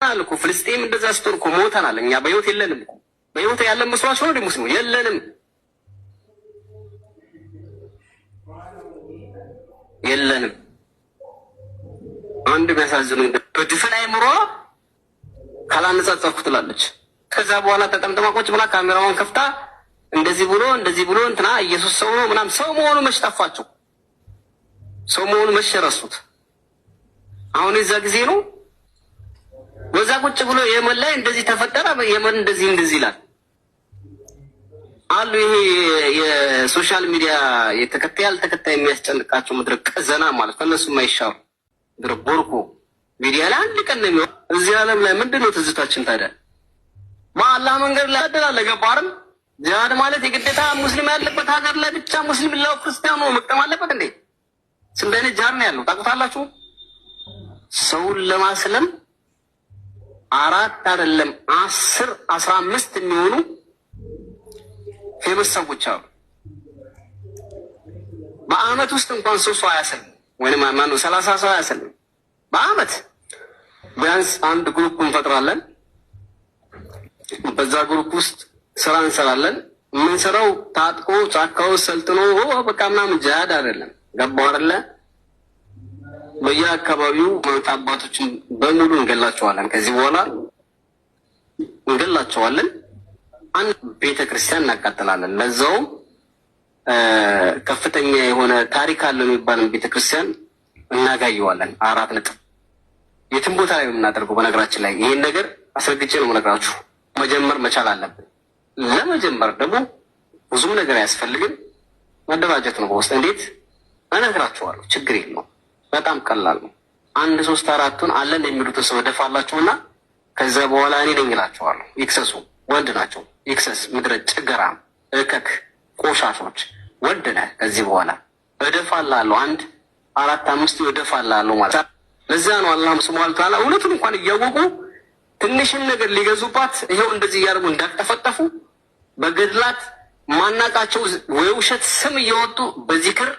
ሞተናል እኮ ፍልስጤም እንደዛ ስትሆን እኮ ሞተናል። እኛ በህይወት የለንም እኮ በህይወት ያለን መስሏቸው ነው ሙስሊሙ የለንም የለንም። አንድ የሚያሳዝኑ በድፍን አይምሮ ካላነጻጸርኩ ትላለች። ከዛ በኋላ ተጠምጥማ ቁጭ ብላ ካሜራውን ከፍታ እንደዚህ ብሎ እንደዚህ ብሎ እንትና ኢየሱስ ሰው ነው ምናምን ሰው መሆኑ መች ጠፋቸው? ሰው መሆኑ መች ረሱት? አሁን የዛ ጊዜ ነው በዛ ቁጭ ብሎ የመን ላይ እንደዚህ ተፈጠረ፣ የመን እንደዚህ እንደዚህ ይላል አሉ። ይሄ የሶሻል ሚዲያ የተከታይ ያልተከታይ የሚያስጨንቃቸው ምድረ ቀዘና ማለት ከእነሱ የማይሻሩ ምድረ ቦርኮ ሚዲያ ላይ አንድ ቀን ነው የሚሆን። እዚህ ዓለም ላይ ምንድን ነው ትዝታችን ታዲያ? በአላህ መንገድ ላይ አደላለ ገባርም ጂሃድ ማለት የግዴታ ሙስሊም ያለበት ሀገር ላይ ብቻ ሙስሊም ላው ክርስቲያኑ መቅጠም አለበት እንዴ? ስንት አይነት ነው ያለው ታቁታላችሁ። ሰውን ለማስለም አራት አይደለም አስር አስራ አምስት የሚሆኑ ፌመስ ሰዎች አሉ። በአመት ውስጥ እንኳን ሶስት ሰው አያሰልም ወይም ነው ሰላሳ ሰው አያሰልም። በአመት ቢያንስ አንድ ግሩፕ እንፈጥራለን። በዛ ግሩፕ ውስጥ ስራ እንሰራለን። የምንሰራው ታጥቆ ጫካው ሰልጥኖ በቃ ምናምን ጃሃድ አይደለም። ገባሁ አይደለ? በየአካባቢው መብት አባቶችን በሙሉ እንገላቸዋለን። ከዚህ በኋላ እንገላቸዋለን። አንድ ቤተ ክርስቲያን እናቃጥላለን። ለዛውም ከፍተኛ የሆነ ታሪክ አለው የሚባለን ቤተ ክርስቲያን እናጋየዋለን። አራት ነጥብ የትም ቦታ ላይ የምናደርገው። በነገራችን ላይ ይህን ነገር አስረግጬ ነው የምነግራችሁ። መጀመር መቻል አለብን። ለመጀመር ደግሞ ብዙም ነገር አያስፈልግም። መደራጀት ነው በውስጥ እንዴት እነግራችኋለሁ። ችግር የለውም። በጣም ቀላል ነው። አንድ ሶስት አራቱን አለን የሚሉት ሰው ደፋላችሁና ከዛ በኋላ እኔ ነኝ እላቸዋለሁ። ይክሰሱ ወንድ ናቸው። ይክሰስ ምድረ ጭገራም እከክ ቆሻሾች ወንድ ነህ። ከዚህ በኋላ እደፋላለሁ። አንድ አራት አምስት እደፋላለሁ ማለት ለዚያ ነው አላህም ስሟል ተዓላ እውነቱን እንኳን እያወቁ ትንሽን ነገር ሊገዙባት ይኸው እንደዚህ እያደርጉ እንዳጠፈጠፉ በገድላት ማናቃቸው የውሸት ስም እየወጡ በዚክር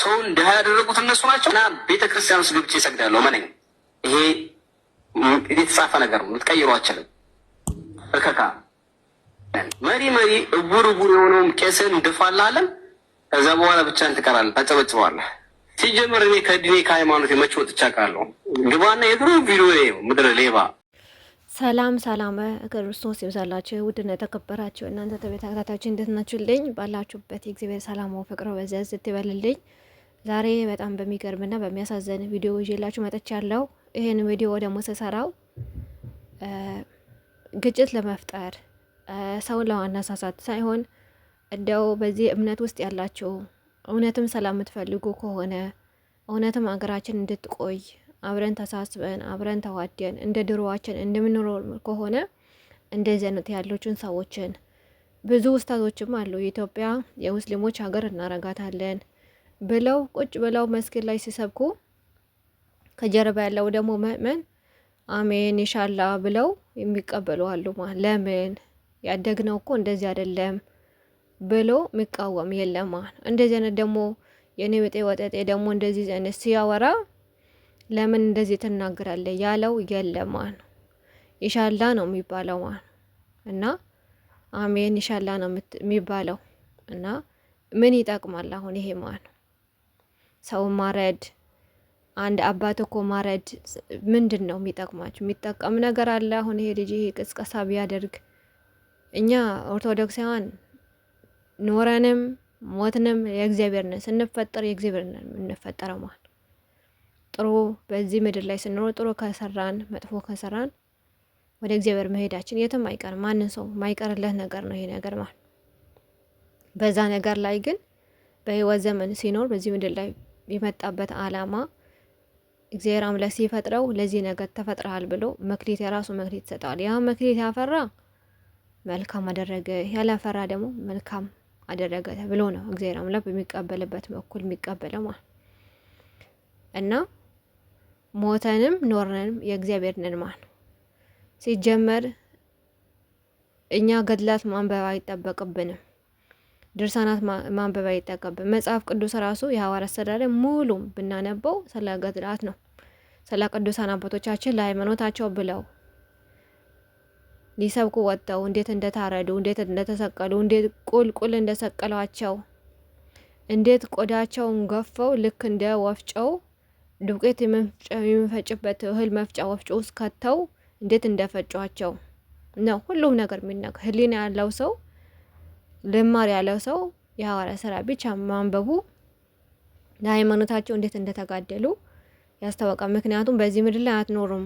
ሰውን ድሃ ያደረጉት እነሱ ናቸው እና ቤተ ክርስቲያን ውስጥ ገብቼ እሰግዳለሁ። መነኝ ይሄ የተጻፈ ነገር ነው፣ ልትቀይሩ አችልም። እከካ መሪ መሪ እቡር እቡር የሆነውም ቄስን ድፋላለን። ከዛ በኋላ ብቻህን ትቀራለህ፣ ታጨበጭበዋለህ። ሲጀምር እኔ ከዲኔ ከሃይማኖት መች ወጥቻ ቃለሁ ግባና የድሮ ቪዲዮ ምድረ ሌባ ሰላም ሰላም ክርስቶስ ይብዛላችሁ። ውድና የተከበራችሁ እናንተ ተከታታዮች እንዴት ናችሁልኝ? ባላችሁበት የእግዚአብሔር ሰላም ፍቅር በዚያ ስትበልልኝ። ዛሬ በጣም በሚገርምና በሚያሳዝን ቪዲዮ ይዤላችሁ መጥቻለሁ። ይህን ቪዲዮ ደግሞ ስሰራው ግጭት ለመፍጠር ሰውን ለማነሳሳት ሳይሆን እንደው በዚህ እምነት ውስጥ ያላችሁ እውነትም ሰላም የምትፈልጉ ከሆነ እውነትም ሀገራችን እንድትቆይ አብረን ተሳስበን አብረን ተዋደን እንደ ድሮዋችን እንደምንኖር ከሆነ እንደዚህ አይነት ያሉትን ሰዎችን ብዙ ውስታቶችም አሉ። የኢትዮጵያ የሙስሊሞች ሀገር እናረጋታለን ብለው ቁጭ ብለው መስጊድ ላይ ሲሰብኩ ከጀርባ ያለው ደግሞ ምእመን አሜን ይሻላ ብለው የሚቀበሉ አሉ። ለምን ያደግነው እኮ እንደዚህ አይደለም ብሎ የሚቃወም የለማ። እንደዚህ አይነት ደግሞ የኔ ወጤ ወጠጤ ደግሞ እንደዚህ አይነት ሲያወራ ለምን እንደዚህ ትናገራለህ ያለው የለማ ነው ይሻላ ነው የሚባለው ማለት እና አሜን ይሻላ ነው የሚባለው እና ምን ይጠቅማል አሁን ይሄ ማለት ነው ሰው ማረድ አንድ አባት እኮ ማረድ ምንድን ነው የሚጠቅማችሁ የሚጠቀም ነገር አለ አሁን ይሄ ልጅ ይሄ ቅስቀሳ ቢያደርግ እኛ ኦርቶዶክሳውያን ኖረንም ሞትንም የእግዚአብሔር ነን ስንፈጠር የእግዚአብሔር ነን የምንፈጠረው ጥሩ በዚህ ምድር ላይ ስንኖር ጥሩ ከሰራን መጥፎ ከሰራን ወደ እግዚአብሔር መሄዳችን የትም አይቀር፣ ማንን ሰው ማይቀርለት ነገር ነው ይሄ ነገር ማለት። በዛ ነገር ላይ ግን በህይወት ዘመን ሲኖር በዚህ ምድር ላይ የመጣበት አላማ እግዚአብሔር አምላክ ሲፈጥረው ለዚህ ነገር ተፈጥረሃል ብሎ መክሊት የራሱ መክሊት ይሰጠዋል። ያ መክሊት ያፈራ መልካም አደረገ፣ ያላፈራ ደግሞ መልካም አደረገ ብሎ ነው እግዚአብሔር አምላክ በሚቀበልበት በኩል የሚቀበለው ማለት እና ሞተንም ኖረንም የእግዚአብሔር ነን ነው። ሲጀመር እኛ ገድላት ማንበብ አይጠበቅብንም፣ ድርሳናት ማንበብ አይጠበቅብን። መጽሐፍ ቅዱስ ራሱ የሐዋርያት ሥራ ሙሉም ሙሉ ብናነበው ስለ ገድላት ነው፣ ስለ ቅዱሳን አባቶቻችን ለሃይማኖታቸው ብለው ሊሰብኩ ወጥተው እንዴት እንደታረዱ፣ እንዴት እንደተሰቀሉ፣ እንዴት ቁልቁል እንደሰቀሏቸው፣ እንዴት ቆዳቸውን ገፈው ልክ እንደ ወፍጮው ዱቄት የምንፈጭበት እህል መፍጫ ወፍጮ ውስጥ ከተው እንዴት እንደፈጫቸው ነው ሁሉም ነገር የሚናገር ህሊና ያለው ሰው ልማር ያለው ሰው የሐዋርያ ስራ ብቻ ማንበቡ ለሃይማኖታቸው እንዴት እንደተጋደሉ ያስታወቃል። ምክንያቱም በዚህ ምድር ላይ አትኖሩም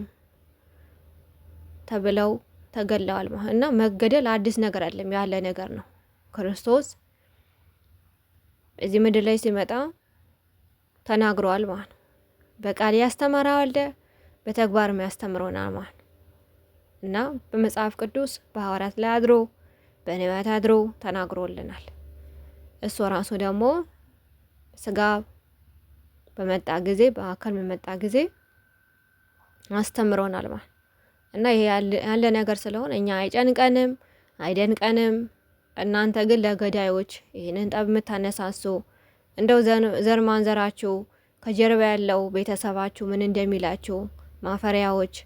ተብለው ተገለዋል እና መገደል አዲስ ነገር አይደለም፣ ያለ ነገር ነው። ክርስቶስ በዚህ ምድር ላይ ሲመጣ ተናግረዋል ማለት ነው። በቃል ያስተማረ አለ በተግባር ያስተምሮናል ማለት እና በመጽሐፍ ቅዱስ በሐዋርያት ላይ አድሮ በነቢያት አድሮ ተናግሮልናል። እሱ ራሱ ደግሞ ስጋ በመጣ ጊዜ በአካል በመጣ ጊዜ አስተምሮናል ማለት እና ይሄ ያለ ነገር ስለሆነ እኛ አይጨንቀንም አይደንቀንም። እናንተ ግን ለገዳዮች ይህንን ጠብ የምታነሳሱ እንደው ዘር ማንዘራችሁ ከጀርባ ያለው ቤተሰባችሁ ምን እንደሚላችሁ ማፈሪያዎች።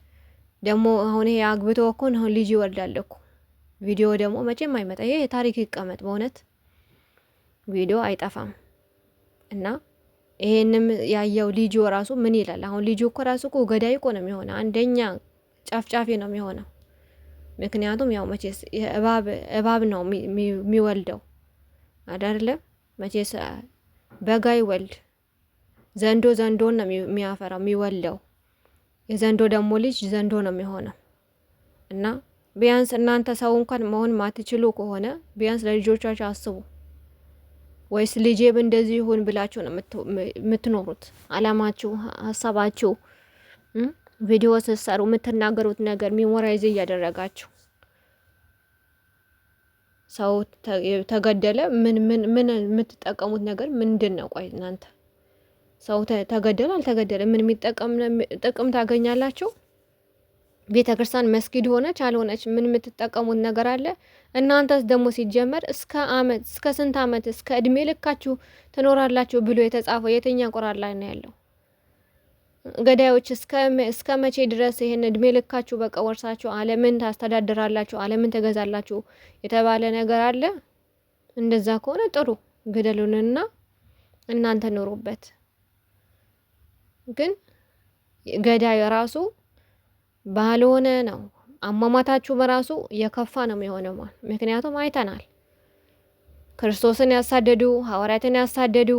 ደግሞ አሁን ይሄ አግብቶ እኮ አሁን ልጅ ይወልዳል እኮ። ቪዲዮ ደግሞ መቼም አይመጣ። ይሄ ታሪክ ይቀመጥ፣ በእውነት ቪዲዮ አይጠፋም እና ይሄንም ያየው ልጅ ራሱ ምን ይላል? አሁን ልጅ እኮ ራሱ እኮ ገዳይ እኮ ነው የሚሆነው። አንደኛ ጫፍጫፊ ነው የሚሆነው። ምክንያቱም ያው መቼስ እባብ ነው የሚወልደው አይደለም መቼስ በጋ ይወልድ ዘንዶ ዘንዶን ነው የሚያፈራው የሚወልደው። የዘንዶ ደግሞ ልጅ ዘንዶ ነው የሚሆነው። እና ቢያንስ እናንተ ሰው እንኳን መሆን ማትችሉ ከሆነ ቢያንስ ለልጆቻችሁ አስቡ። ወይስ ልጄ እንደዚህ ይሁን ብላችሁ ነው የምትኖሩት? አላማችሁ፣ ሀሳባችሁ ቪዲዮ ስትሰሩ የምትናገሩት ነገር ሚሞራይዝ እያደረጋችሁ ሰው ተገደለ ምን ምን ምን የምትጠቀሙት ነገር ምንድን ነው? ቆይ እናንተ ሰው ተገደለ አልተገደለ ምን ጥቅም ታገኛላችሁ? ቤተ ክርስቲያን መስጊድ ሆነች አልሆነች ምን የምትጠቀሙት ነገር አለ? እናንተስ ደግሞ ሲጀመር እስከ አመት እስከ ስንት አመት እስከ እድሜ ልካችሁ ትኖራላችሁ ብሎ የተጻፈው የትኛ ቁራን ላይ ነው ያለው? ገዳዮች እስከ መቼ ድረስ ይህን እድሜ ልካችሁ በቃ ወርሳችሁ አለምን ታስተዳድራላችሁ፣ አለምን ትገዛላችሁ የተባለ ነገር አለ? እንደዛ ከሆነ ጥሩ ግደሉንና እናንተ ኑሩበት። ግን ገዳይ ራሱ ባልሆነ ነው አሟሟታችሁ በራሱ የከፋ ነው የሆነ ምክንያቱም አይተናል ክርስቶስን ያሳደዱ ሐዋርያትን ያሳደዱ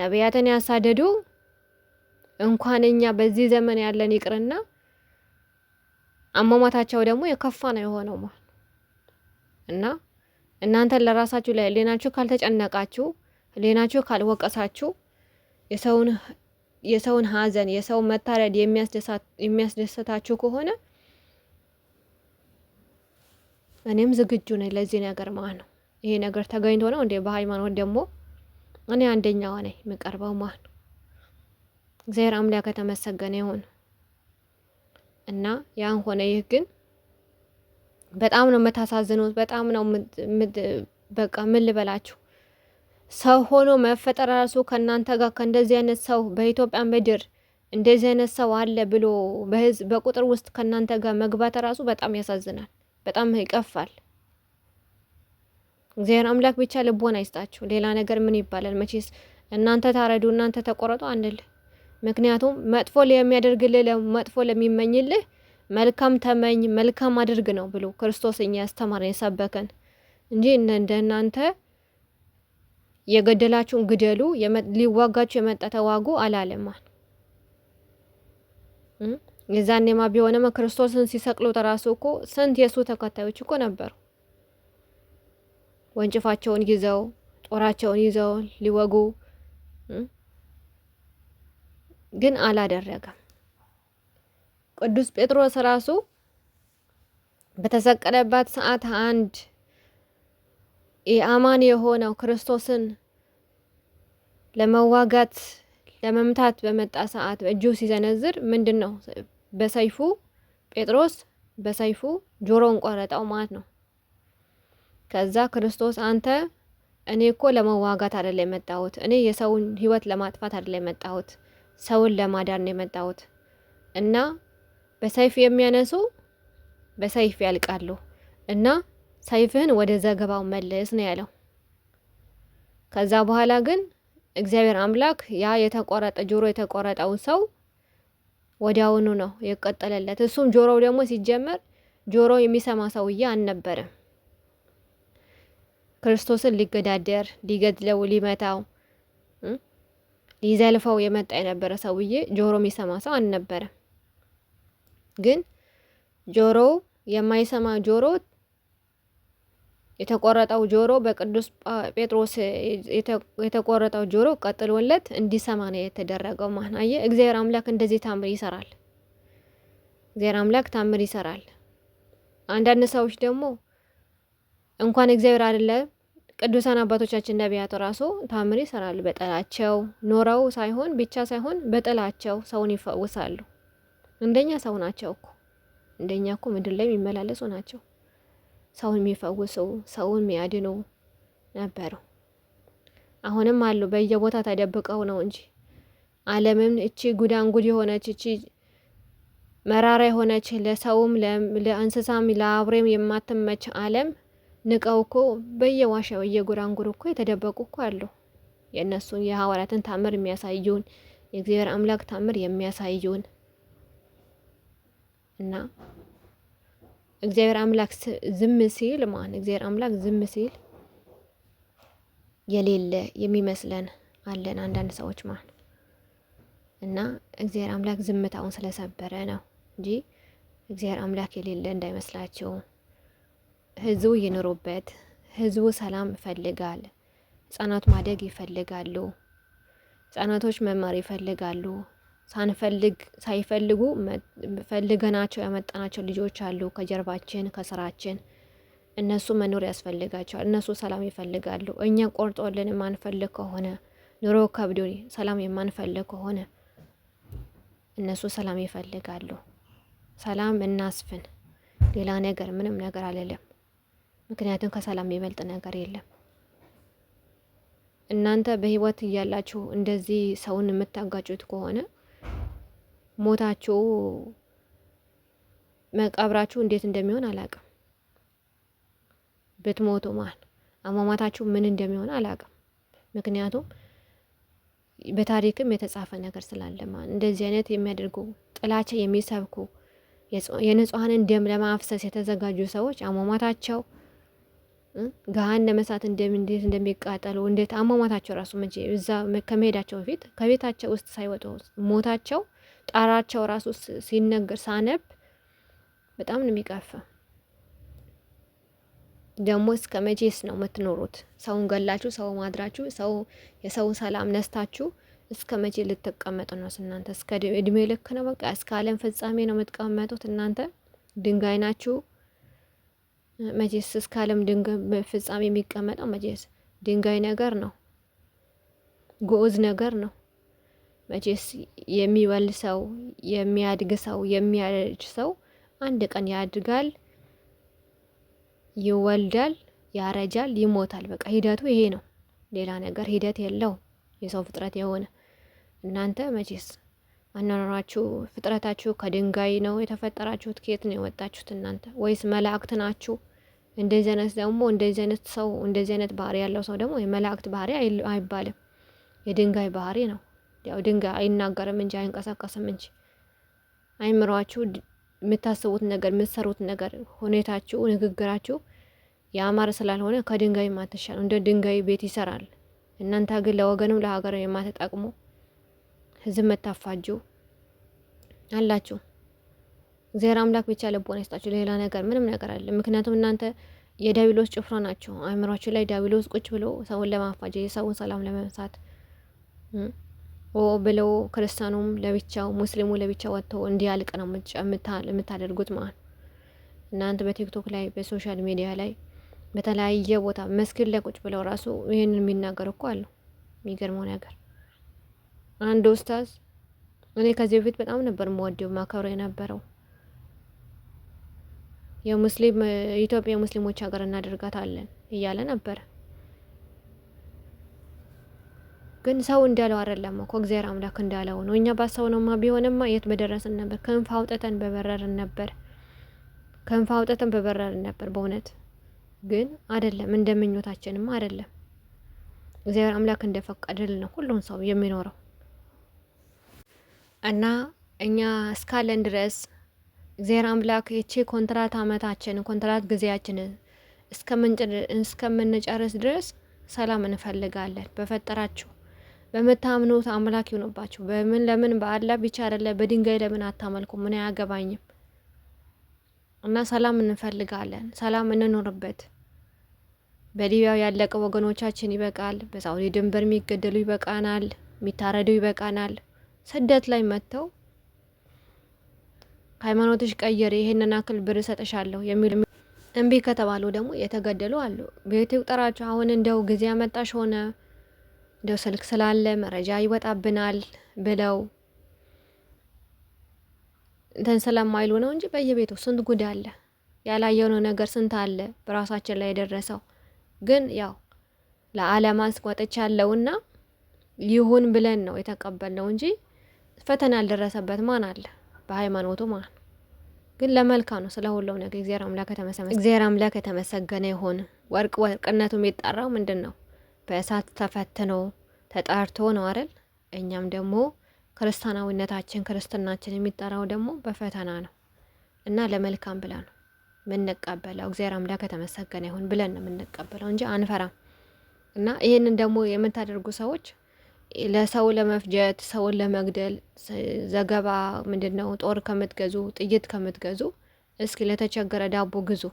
ነቢያትን ያሳደዱ እንኳን እኛ በዚህ ዘመን ያለን ይቅርና አሟሟታቸው ደግሞ የከፋ ነው የሆነው ማለት እና እናንተ ለራሳችሁ ላይ ካልተጨነቃችሁ፣ ህሊናችሁ ካልወቀሳችሁ የሰውን የሰውን ሀዘን የሰውን መታረድ የሚያስደሰታችሁ ከሆነ እኔም ዝግጁ ነኝ ለዚህ ነገር ማለት ነው። ይሄ ነገር ተገኝቶ ነው እንዴ? በሃይማኖት ደግሞ እኔ አንደኛዋ ነኝ የምቀርበው ማለት ነው። እግዚአብሔር አምላክ ከተመሰገነ ይሁን እና ያን ሆነ ይህ ግን በጣም ነው የምታሳዝኑት። በጣም ነው በቃ ምን ልበላችሁ ሰው ሆኖ መፈጠር ራሱ ከእናንተ ጋር ከእንደዚህ አይነት ሰው በኢትዮጵያ ምድር እንደዚህ አይነት ሰው አለ ብሎ በህዝብ በቁጥር ውስጥ ከእናንተ ጋር መግባት ራሱ በጣም ያሳዝናል፣ በጣም ይቀፋል። እግዚአብሔር አምላክ ብቻ ልቦና አይስጣችሁ። ሌላ ነገር ምን ይባላል? መቼስ እናንተ ታረዱ፣ እናንተ ተቆረጡ አንልህ። ምክንያቱም መጥፎ ለሚያደርግልህ መጥፎ ለሚመኝልህ መልካም ተመኝ መልካም አድርግ ነው ብሎ ክርስቶስ እኛ ያስተማረን የሰበከን እንጂ እንደ እናንተ የገደላችሁን ግደሉ፣ ሊዋጋችሁ የመጣ ተዋጉ አላለማል። የዛኔማ ቢሆነ ክርስቶስን ሲሰቅሉት ራሱ እኮ ስንት የእሱ ተከታዮች እኮ ነበሩ። ወንጭፋቸውን ይዘው ጦራቸውን ይዘው ሊወጉ ግን አላደረገም። ቅዱስ ጴጥሮስ ራሱ በተሰቀለባት ሰዓት አንድ የአማን የሆነው ክርስቶስን ለመዋጋት ለመምታት በመጣ ሰዓት እጁ ሲዘነዝር ምንድን ነው? በሰይፉ ጴጥሮስ በሰይፉ ጆሮን ቆረጠው ማለት ነው። ከዛ ክርስቶስ አንተ እኔ እኮ ለመዋጋት አደለ የመጣሁት፣ እኔ የሰውን ህይወት ለማጥፋት አደለ የመጣሁት፣ ሰውን ለማዳን የመጣሁት እና በሰይፍ የሚያነሱ በሰይፍ ያልቃሉ እና ሰይፍህን ወደ ዘገባው መልስ ነው ያለው። ከዛ በኋላ ግን እግዚአብሔር አምላክ ያ የተቆረጠ ጆሮ የተቆረጠውን ሰው ወዲያውኑ ነው የቀጠለለት። እሱም ጆሮው ደግሞ ሲጀመር ጆሮ የሚሰማ ሰውዬ አልነበረም። ክርስቶስን ሊገዳደር፣ ሊገድለው፣ ሊመታው፣ ሊዘልፈው የመጣ የነበረ ሰውዬ ጆሮ የሚሰማ ሰው አልነበረም። ግን ጆሮው የማይሰማ ጆሮ የተቆረጠው ጆሮ በቅዱስ ጴጥሮስ የተቆረጠው ጆሮ ቀጥሎለት እንዲሰማ ነው የተደረገው። ማናየ እግዚአብሔር አምላክ እንደዚህ ታምር ይሰራል። እግዚአብሔር አምላክ ታምር ይሰራል። አንዳንድ ሰዎች ደግሞ እንኳን እግዚአብሔር አይደለም ቅዱሳን አባቶቻችን ነቢያት ራሱ ታምር ይሰራሉ። በጥላቸው ኖረው ሳይሆን ብቻ ሳይሆን በጥላቸው ሰውን ይፈውሳሉ። እንደኛ ሰው ናቸው እኮ እንደኛ እኮ ምድር ላይ የሚመላለሱ ናቸው። ሰውን የሚፈውሰው ሰውን የሚያድነው ነበረው። አሁንም አሉ በየቦታ ተደብቀው ነው እንጂ ዓለምም እቺ ጉዳንጉድ የሆነች እቺ መራራ የሆነች ለሰውም ለእንስሳም ለአብሬም የማትመች ዓለም ንቀው እኮ በየዋሻ በየጉራንጉር እኮ የተደበቁ እኮ አሉ። የእነሱን የሐዋርያትን ታምር የሚያሳዩን የእግዚአብሔር አምላክ ታምር የሚያሳዩን እና እግዚአብሔር አምላክ ዝም ሲል ማን እግዚአብሔር አምላክ ዝም ሲል የሌለ የሚመስለን አለን አንዳንድ ሰዎች ማን እና እግዚአብሔር አምላክ ዝምታውን ስለሰበረ ነው እንጂ እግዚአብሔር አምላክ የሌለ እንዳይመስላችሁ። ህዝቡ ይኑሩበት። ህዝቡ ሰላም ይፈልጋል። ህጻናት ማደግ ይፈልጋሉ። ህጻናቶች መማር ይፈልጋሉ። ሳንፈልግ ሳይፈልጉ ፈልገናቸው ያመጣናቸው ልጆች አሉ ከጀርባችን ከስራችን። እነሱ መኖር ያስፈልጋቸዋል። እነሱ ሰላም ይፈልጋሉ። እኛ ቆርጦልን የማንፈልግ ከሆነ ኑሮ ከብዶ ሰላም የማንፈልግ ከሆነ እነሱ ሰላም ይፈልጋሉ። ሰላም እናስፍን። ሌላ ነገር ምንም ነገር አለለም። ምክንያቱም ከሰላም የሚበልጥ ነገር የለም። እናንተ በህይወት እያላችሁ እንደዚህ ሰውን የምታጋጩት ከሆነ ሞታቸው መቃብራችሁ እንዴት እንደሚሆን አላቅም። ብትሞቱ ማል አሟሟታችሁ ምን እንደሚሆን አላቅም። ምክንያቱም በታሪክም የተጻፈ ነገር ስላለማ እንደዚህ አይነት የሚያደርጉ ጥላቻ የሚሰብኩ የንጹሐንን ደም ለማፍሰስ የተዘጋጁ ሰዎች አሟሟታቸው ገሃን ለመሳት እንዴት እንደሚቃጠሉ እንዴት አሟሟታቸው ራሱ መቼ እዛ ከመሄዳቸው በፊት ከቤታቸው ውስጥ ሳይወጡ ሞታቸው ጣራቸው ራሱ ሲነገር ሳነብ በጣም ነው የሚቀፈው። ደግሞ እስከ መቼስ ነው የምትኖሩት? ሰውን ገላችሁ፣ ሰው ማድራችሁ፣ ሰው የሰውን ሰላም ነስታችሁ እስከ መቼ ልትቀመጡ ነው እናንተ? እስከ እድሜ ልክ ነው በቃ እስከ ዓለም ፍጻሜ ነው የምትቀመጡት እናንተ ድንጋይ ናችሁ። መቼስ እስከ ዓለም ፍጻሜ የሚቀመጠው መቼስ ድንጋይ ነገር ነው፣ ጎዝ ነገር ነው። መቼስ የሚበል ሰው የሚያድግ ሰው የሚያረጅ ሰው አንድ ቀን ያድጋል፣ ይወልዳል፣ ያረጃል፣ ይሞታል። በቃ ሂደቱ ይሄ ነው። ሌላ ነገር ሂደት የለው። የሰው ፍጥረት የሆነ እናንተ መቼስ አኗኗራችሁ ፍጥረታችሁ ከድንጋይ ነው የተፈጠራችሁት? ከየት ነው የወጣችሁት እናንተ? ወይስ መላእክት ናችሁ? እንደዚህ አይነት ደግሞ እንደዚህ አይነት ሰው እንደዚህ አይነት ባህሪ ያለው ሰው ደግሞ የመላእክት ባህሪ አይባልም፣ የድንጋይ ባህሪ ነው። ያው ድንጋይ አይናገርም እንጂ አይንቀሳቀስም እንጂ አይምሯችሁ የምታስቡት ነገር የምትሰሩት ነገር ሁኔታችሁ፣ ንግግራችሁ የአማረ ስላልሆነ ከድንጋይ ማትሻል እንደ ድንጋይ ቤት ይሰራል። እናንተ ግን ለወገንም ለሀገር የማትጠቅሙ ህዝብ መታፋጁ አላችሁ። እግዚአብሔር አምላክ ብቻ ልቦና ይስጣችሁ። ሌላ ነገር ምንም ነገር አለ። ምክንያቱም እናንተ የዳቢሎስ ጭፍራ ናቸው። አእምሯችሁ ላይ ዳቢሎስ ቁጭ ብሎ ሰውን ለማፋጀ የሰውን ሰላም ለመንሳት ኦ ብለው ክርስቲያኑም ለብቻው ሙስሊሙ ለብቻው ወጥቶ እንዲያልቅ ነው የምታደርጉት ማለት እናንተ በቲክቶክ ላይ በሶሻል ሚዲያ ላይ በተለያየ ቦታ መስጊድ ላይ ቁጭ ብለው ራሱ ይህንን የሚናገር እኮ አለው። የሚገርመው ነገር አንድ ኡስታዝ እኔ ከዚህ በፊት በጣም ነበር መወደው ማከብረው የነበረው የሙስሊም ኢትዮጵያ ሙስሊሞች ሀገር እናደርጋታለን እያለ ነበረ። ግን ሰው እንዳለው አይደለም እኮ እግዚአብሔር አምላክ እንዳለው ነው። እኛ ባሰብነውማ ቢሆንማ የት በደረስን ነበር። ክንፍ አውጥተን በበረርን ነበር። ክንፍ አውጥተን በበረርን ነበር። በእውነት ግን አይደለም፣ እንደምኞታችንም አይደለም። እግዚአብሔር አምላክ እንደፈቀደልን ነው ሁሉን ሰው የሚኖረው እና እኛ እስካለን ድረስ እግዚአብሔር አምላክ ይቺ ኮንትራት አመታችን ኮንትራት ጊዜያችንን እስከምንጨርስ ድረስ ሰላም እንፈልጋለን በፈጠራችሁ በምታምኑት አምላክ ይሆንባችሁ። በምን ለምን በአላ ብቻ አይደለ፣ በድንጋይ ለምን አታመልኩ? ምን አያገባኝም። እና ሰላም እንፈልጋለን፣ ሰላም እንኖርበት። በሊቢያው ያለቀ ወገኖቻችን ይበቃል። በሳውዲ ድንበር የሚገደሉ ይበቃናል፣ የሚታረዱ ይበቃናል። ስደት ላይ መጥተው ሃይማኖትሽ ቀየር፣ ይሄንን አክል ብር እሰጥሻለሁ የሚል እምቢ ከተባሉ ደግሞ የተገደሉ አሉ። ቤት ይቁጠራቸው። አሁን እንደው ጊዜ ያመጣሽ ሆነ እንደው ስልክ ስላለ መረጃ ይወጣብናል ብለው እንትን ስለማይሉ ነው እንጂ በየቤቱ ስንት ጉድ አለ፣ ያላየነው ነገር ስንት አለ በራሳችን ላይ የደረሰው። ግን ያው ለዓለም አስቆጥቻ ያለውና ይሁን ብለን ነው የተቀበልነው እንጂ ፈተና ያልደረሰበት ማን አለ? በሃይማኖቱ ማን ግን ለመልካ ነው ስለ ሁሉም ነገር። እግዚአብሔር አምላክ የተመሰገነ ይሁን። ወርቅ ወርቅነቱ የሚጠራው ምንድን ነው? በእሳት ተፈትኖ ተጣርቶ ነው አይደል? እኛም ደግሞ ክርስቲያናዊነታችን ክርስትናችን የሚጠራው ደግሞ በፈተና ነው እና ለመልካም ብላ ነው የምንቀበለው። እግዚአብሔር አምላክ የተመሰገነ ይሁን ብለን ነው የምንቀበለው እንጂ አንፈራም። እና ይህንን ደግሞ የምታደርጉ ሰዎች ለሰው ለመፍጀት ሰውን ለመግደል ዘገባ ምንድን ነው ጦር ከምትገዙ ጥይት ከምትገዙ እስኪ ለተቸገረ ዳቦ ግዙ።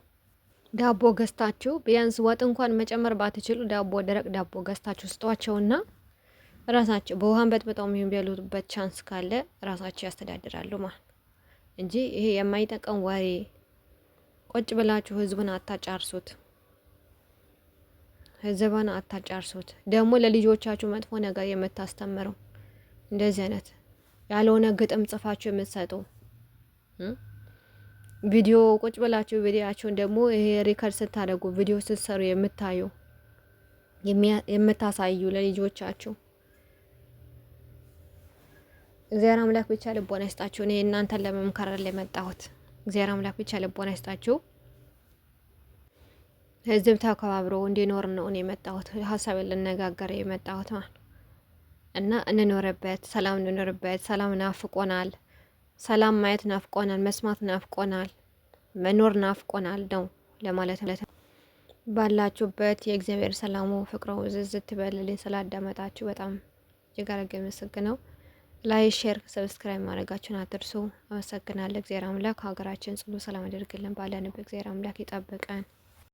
ዳቦ ገዝታችሁ ቢያንስ ወጥ እንኳን መጨመር ባትችሉ ዳቦ ደረቅ ዳቦ ገዝታችሁ ስጧቸውና ራሳቸው በውሃን በጥብጠው የሚሆን ቢያሉበት ቻንስ ካለ ራሳቸው ያስተዳድራሉ ማለት እንጂ ይሄ የማይጠቀም ወሬ ቆጭ ብላችሁ ህዝብን አታጫርሱት። ህዝብን አታጫርሱት። ደግሞ ለልጆቻችሁ መጥፎ ነገር የምታስተምረው እንደዚህ አይነት ያልሆነ ግጥም ጽፋችሁ የምትሰጡ ቪዲዮ ቁጭ ብላችሁ ቪዲዮአችሁን ደግሞ ይሄ ሪከርድ ስታደርጉ ቪዲዮ ስትሰሩ የምታዩ የምታሳዩ ለልጆቻችሁ እግዚአብሔር አምላክ ብቻ ልቦና ይስጣችሁ። እኔ እናንተን ለመምከር የመጣሁት እግዚአብሔር አምላክ ብቻ ልቦና ይስጣችሁ። ህዝብ ተከባብሮ እንዲኖር ነው እኔ የመጣሁት ሀሳብ ልነጋገር የመጣሁት እና እንኖርበት፣ ሰላም እንኖርበት። ሰላም ናፍቆናል። ሰላም ማየት ናፍቆናል፣ መስማት ናፍቆናል፣ መኖር ናፍቆናል ነው ለማለት ነው። ባላችሁበት የእግዚአብሔር ሰላሙ ፍቅሮ ዝዝት ትበልልኝ። ስላዳመጣችሁ በጣም እጅግ አድርጌ አመሰግናለሁ። ላይ ሼር፣ ሰብስክራይብ ማድረጋችሁን አትርሱ። አመሰግናለሁ። እግዚአብሔር አምላክ ሀገራችን ጽሉ ሰላም አድርግልን። ባለንበት እግዚአብሔር አምላክ ይጠብቀን።